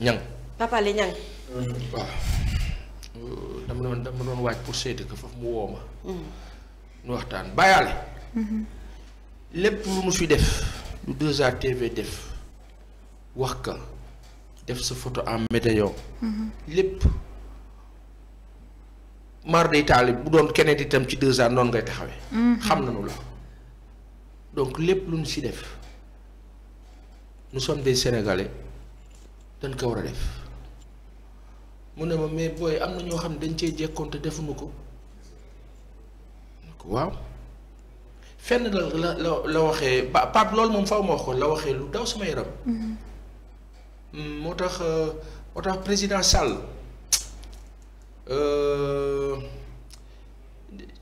ñang Papa Alé ñang waaw oh, dama doon dama doon waaj pour seeti ko foofu mu woo ma ñu mm. waxtaan bàyyaale mm-hmm. lépp lu mu fi def lu 2A TV def wax ka def sa photo en météo mm-hmm. lépp mar day bu doon keneen itam ci 2A noonu ngay taxawee mm-hmm. xam nañu la donc lépp lu ñu si def nous sommes des Sénégalais dañ ko war a def mu ne ma mais booy am na ñoo xam ne dañ cee jekkoon te defuñu ko waaw fenn la la la la waxee pa Pape loolu moom faw ma wax ko la waxee lu daw sama yaram. Mm-hmm. moo tax euh, moo tax président Sall euh,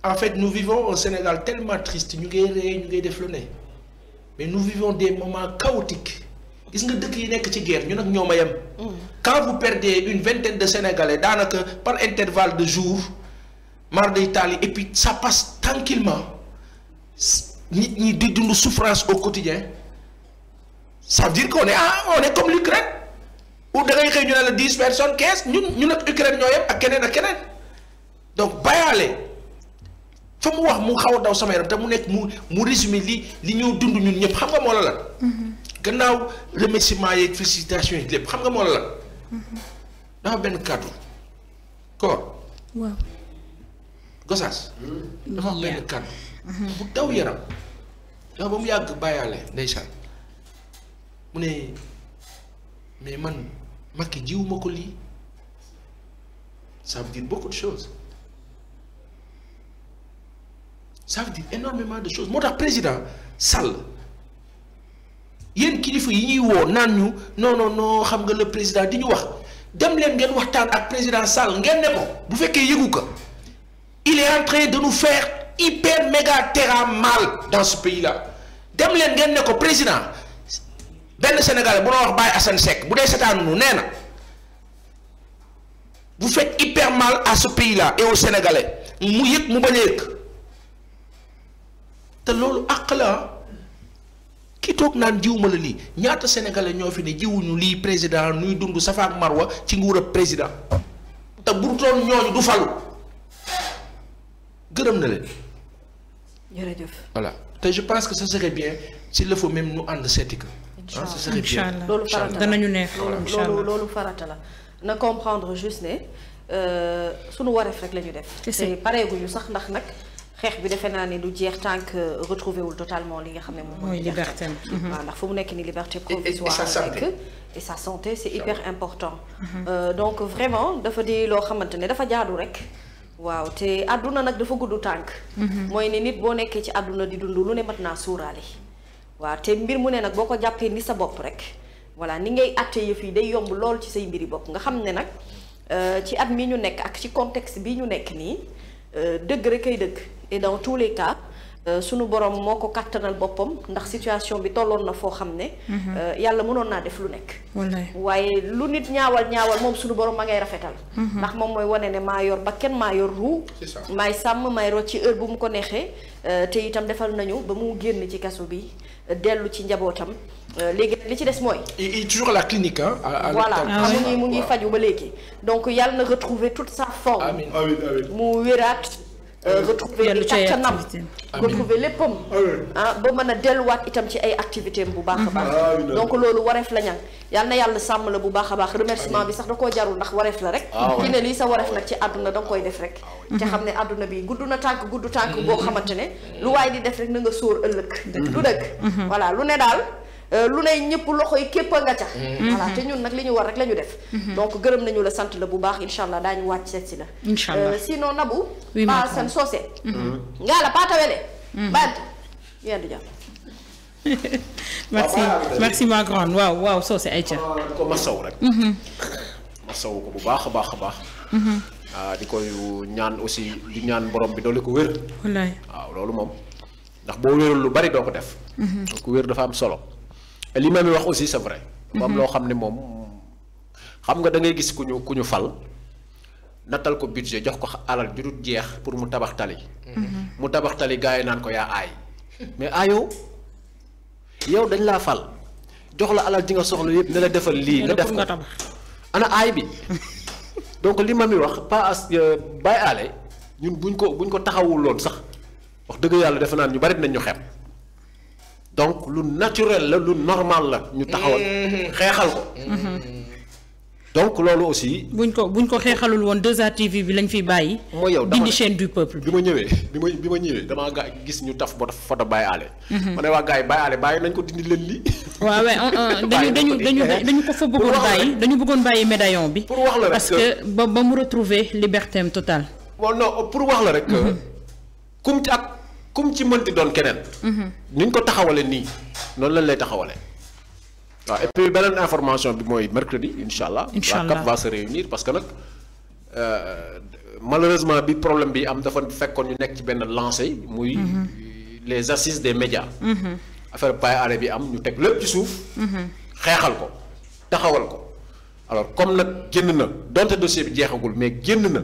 en fait nous vivons au Sénégal triste ñu ngay ree ñu ngay def lu ne mais nous vivons des moments gis nga dëkk yi nekk ci guerre ñu nag ñoo ma yem. Mm. quand vous perdez une vingtaine de sénégalais daanaka par intervalle de jour mar day taali et puis ça passe tranquillement nit ñi di dund souffrance au quotidien ça veut dire qu'on est ah on est comme l'Ukraine ou da ngay xëy ñu ne la dix personnes quinze ñun ñun ak Ukraine ñoo yem ak keneen ak keneen donc bayaale fa mu wax mu xaw a daw sama yaram te mu nekk mu mu résumé li ñoo dund ñun ñëpp xam nga moo la la mm-hmm. gannaaw remerciement yeeg félicitations yi lépp xam nga moo la lan dafa benn kàddu koor gosaas mm-hmm. dafa benn kàddu mm-hmm. bu daw yaram dafa ba mu yàgg bàyyaale ndeysaan mu ne mais man Macky jiwuma ko lii ça beaucoup de choses ça veut de choses moo tax président Sall yéen kilifa yi ñuy woo naan ñu non non non xam nga le président di ñu wax dem leen ngeen waxtaan ak président Sall ngeen ne ko bu fekkee yëgu ko il est en train de nous faire hyper méga mal dans ce pays dem leen ngeen ne ko président benn Sénégalais bu la wax Baye Assane Seck bu dee seetaanu nu nee na vous faites hyper mal à ce pays là et mu yëg mu bañ a yëg te loolu àq la ki toog naan jiw ma la lii ñaata sénégalais ñoo fi ne jiwuñu lii président nuy dund safa ak marwa ci nguurab président te bu doon ñooñu du falu gërëm na leen. jërëjëf voilà te je pense que ce serait bien s'il le faut même ànd seeti ko. incha allah ah, incha allah loolu farata la loolu farata la na comprendre juste ne euh, sunu wareef rek la ñu def. te pareeguñu sax ndax nag. xeex bi defe naa ne lu jeex tant que retrouvé wul totalement li nga xam ne moom mooy liberté ndax mhm. mhm. fu mu nekk ni liberté provisoire rek et sa santé c'est hyper important mhm. euh, donc vraiment dafa di loo xamante ne dafa jaadu rek waaw te àdduna nag dafa gudd tànk mooy ne nit boo nekkee ci àdduna di dund lu ne mat naa suuraale waaw te mbir mu ne nag boo ko jàppee ni sa bopp rek voilà ni ngay àtte yëf yi day yomb lool ci say mbiri bopp nga xam ne nag euh, ci at mi ñu nekk ak ci contexte bi ñu nekk nii Euh, dëgg rek ay dëgg et dans tous les cas Euh, sunu borom moo ko kàttanal boppam ndax situation bi tolloon na foo xam ne. Mhm. Euh, yàlla mënoon naa def lu nekk. waaye lu nit ñaawal ñaawal moom suñu borom ma ngay rafetal. Mhm. ndax moom mooy wane ne maa yor kenn maa yor ruu. maay sàmm may rot ci heure bu mu ko neexee euh, te itam defal nañu ba mu génn ci kaso bi dellu ci njabootam. léegi li ci des mooy. il toujours à la clinique mu ngi faju léegi. donc yàlla na retrouver toute sa forme. amiin mu wéraat. Euh, euh, retrouver càccanam retrouver léppam ah, ah ba mën a delluwaat itam ci ay activité bu baax a mhm. baax ah donc loolu wareef la ñan yal na yàlla sàmm la bu baax a baax remerciement bi sax da koo jarul ndax wareef la rek ki ah ne lii sa wareef nag ci àdduna da koy def rek te xam ne àdduna bi gudd na tànk gudd tànk boo xamante ne lu waay di def rek na nga sóor ëllëg mhm. du dëgg mhm. voilà lu ne daal Euh, lu ne ñëpp loxo yi képp nga ca mm-hmm. voilà mm-hmm. te ñun nag li ñu war rek la def mm-hmm. donc gërëm nañu la sant la bu baax incha allah daañu wàcc seet si la incha allah euh, sinon nabu pa san soose ngaa la pa tawele baat yendu jàmm merci merci ma waaw waaw soose ay ca ko sow rek ma ko bu baax a baax a baax ah, di koy ñaan aussi di ñaan borom bi doole ko wér wallaay waaw loolu moom ndax boo wérul lu bari doo ko def donc wér dafa am solo li ma wax aussi sa vrai. moom loo xam ne moom xam nga da ngay gis ku ñu ku ñu fal nattal ko budget jox ko alal ju dul jeex pour mu tabax tali. Mhm. mu tabaxtali tali yi naan ko yaa aay mais aayoo yow dañ laa fal jox la alal ji nga soxla yëpp ne la defal lii nga def ko ana aay bi donc li ma mi wax pas as euh, bàyyi aale ñun buñ ko buñ ko taxawul loon sax wax dëgg yàlla defe naan ñu bari nañ ñu xeeb. donc lu naturel la lu normal la ñu taxawal mm-hmm. xeexal ko mm-hmm. donc loolu aussi buñ ko buñ ko xeexalul woon 2A TV bi lañ fiy bàyyi mooy yow dindi chaîne du peuple bi ma ñëwee bi ma bi ma ñëwee damaa gaa gis ñu taf bota photo Baye Alé mm-hmm. ma ne waa gars yi Baye Alé bàyyi nañ ko dindi leen lii waaw waaw dañu dañu dañu dañu ko fa bëggoon bàyyi dañu bëggoon bàyyi médaillon bi pour wax la rek parce ba ba mu retrouver liberté comme ci mënti doon keneen. Mhm. ni ñu ko taxawale nii noonu lañ lay taxawale waaw et puis beneen information bi mooy mercredi incha allah. incha allah la CAP va se réunir parce que nag euh, malheureusement bi problème bi am dafa fekkoon ñu nekk ci benn lancé muy. Mhm. les assises des médias. Mhm. affaire Paye Allé bi am ñu teg lépp ci suuf. xeexal ko taxawal ko alors comme nag génn na donte dossier bi jeexagul mais génn na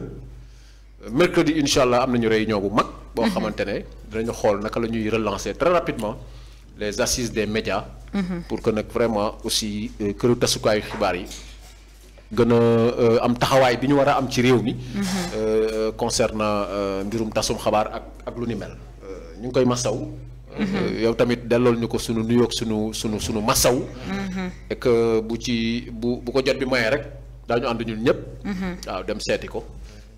mercredi incha allah am nañu réunion bu mag. boo xamante ne dinañu xool naka la ñuy relancer très rapidement les assises des médias mhm. pour que nag vraiment aussi euh, këru tasukaayu xibaar yi gën a euh, am taxawaay bi ñu war a am ci réew mi mhm. euh, concernant mbirum tasum xabaar ak ak lu ni mel ñu ngi koy masaw mhm. yow tamit dellool ñu ko sunu nuyoog sunu sunu sunu masaw et que bu ci bu bu ko jot bi mayee rek daañu ànd ñun ñëpp waaw dem seeti ko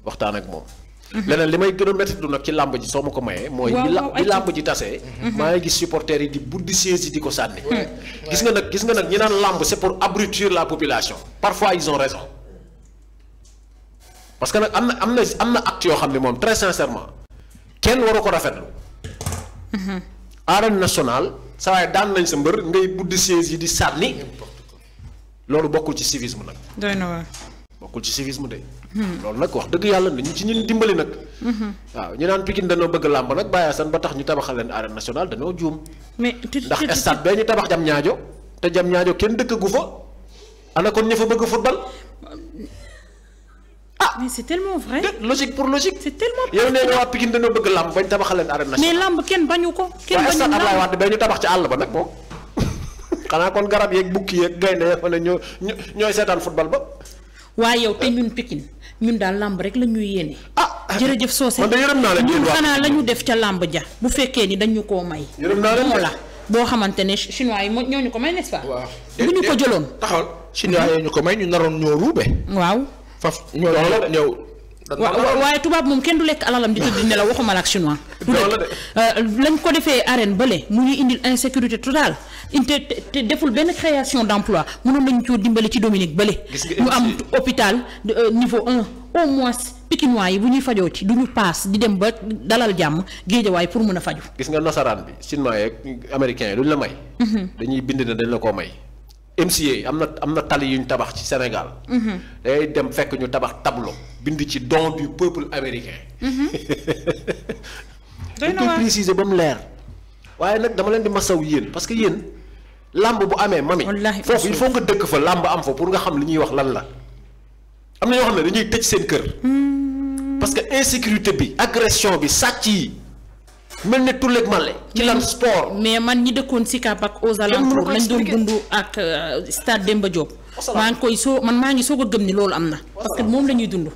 waxtaan ak moom Mm-hmm. leneen li may gën a métti du nag ci làmb ji soo ma ko mayee mooy bi làmb ji tasee mm-hmm. maa ngi gis supporters yi di buddi siège yi di ko sànni mm-hmm. gis nga nag gis nga nag ñi naan làmb c'est pour abrutir la population parfois ils ont raison parce que nag am na am na am na acte yoo xam ne moom très sincèrement kenn waru ko rafet rafetlu arène nationale saa waaye daan nañ sa mbër ngay buddi siège yi di sànni loolu bokkul ci mu nag doy na waar bokkul ci mu de Hmm. loolu nag wax dëgg yàlla nañu ci ñun dimbali nag. Hmm. waaw ñu naan Pikine dañoo bëgg làmb nag Baye Assane ba tax ñu tabaxal leen arène nationale dañoo juum. mais ndax stade bee ñu tabax jam ñaajo te jam ñaajo kenn dëkk gu fa ana kon ña fa bëgg football. ah mais c'est tellement vrai. logique pour logique. c'est tellement yow nee na waa Pikine dañoo bëgg làmb bañ tabaxal leen arène nationale. mais làmb kenn bañu ko. kenn bañu làmb Ablaye bee ñu tabax ci àll ba nag moom. xanaa kon garab yeeg bukki yeeg gaynde fa ne ñoo ñooy seetaan football ba. waaye ñun daal làmb rek la ñuy yéene. ah jërëjëf Socé. man de yërëm naa la ñun def ca làmb ja. bu fekkee ni dañu koo may. yërëm naa la boo xamante ne chinois yi moo ñoo ñu ko may n'est-ce pas. ñu ko jëloon. taxawal chinois yi ñu ko may ñu naroon ñoo ruube. waaw faf ñoo ñëw. waaye tubaab moom kenn du lekk alalam di tëdd nelaw waxuma la ak chinois. du dëkk euh, lañ ko defee arène bële mu ñuy indi insécurité totale inte te deful benn création d' emploi mënoon nañu coo dimbali ci Dominique bële. ñu am hôpital euh, niveau un au moins pikinois yi bu ñuy fajoo ci du ñu paas di dem ba dalal jàmm géejawaay pour mën a faju. gis nga nasaraan bi chinois yeeg américain yi duñ la may. Mhm. dañuy bind na dañu la koo may. MCA am na am na tali yu ñu tabax ci Sénégal. Mhm. day dem fekk ñu tabax tableau bind ci don du peuple américain. Mhm. doy na préciser ba mu leer. waaye nag dama leen di masaw yéen parce que yéen làmb bu amee mami. foofu il faut nga dëkk fa làmb am fa pour nga xam li ñuy wax lan la. am na ñoo xam ne dañuy tëj seen kër. Hmm. parce que insécurité bi agression bi sàcc yi. mel ne Tulle ak Malle ci lan sport. mais man ñi dëkkoon Sicap ak aux alentours lañ doon dund ak euh, stade Demba Diop. maa ngi koy soo man maa ngi soog a gëm ni loolu am na. parce que moom la ñuy dund.